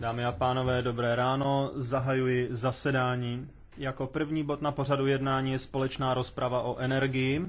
Dámy a pánové, dobré ráno. Zahajuji zasedání. Jako první bod na pořadu jednání je společná rozprava o energii.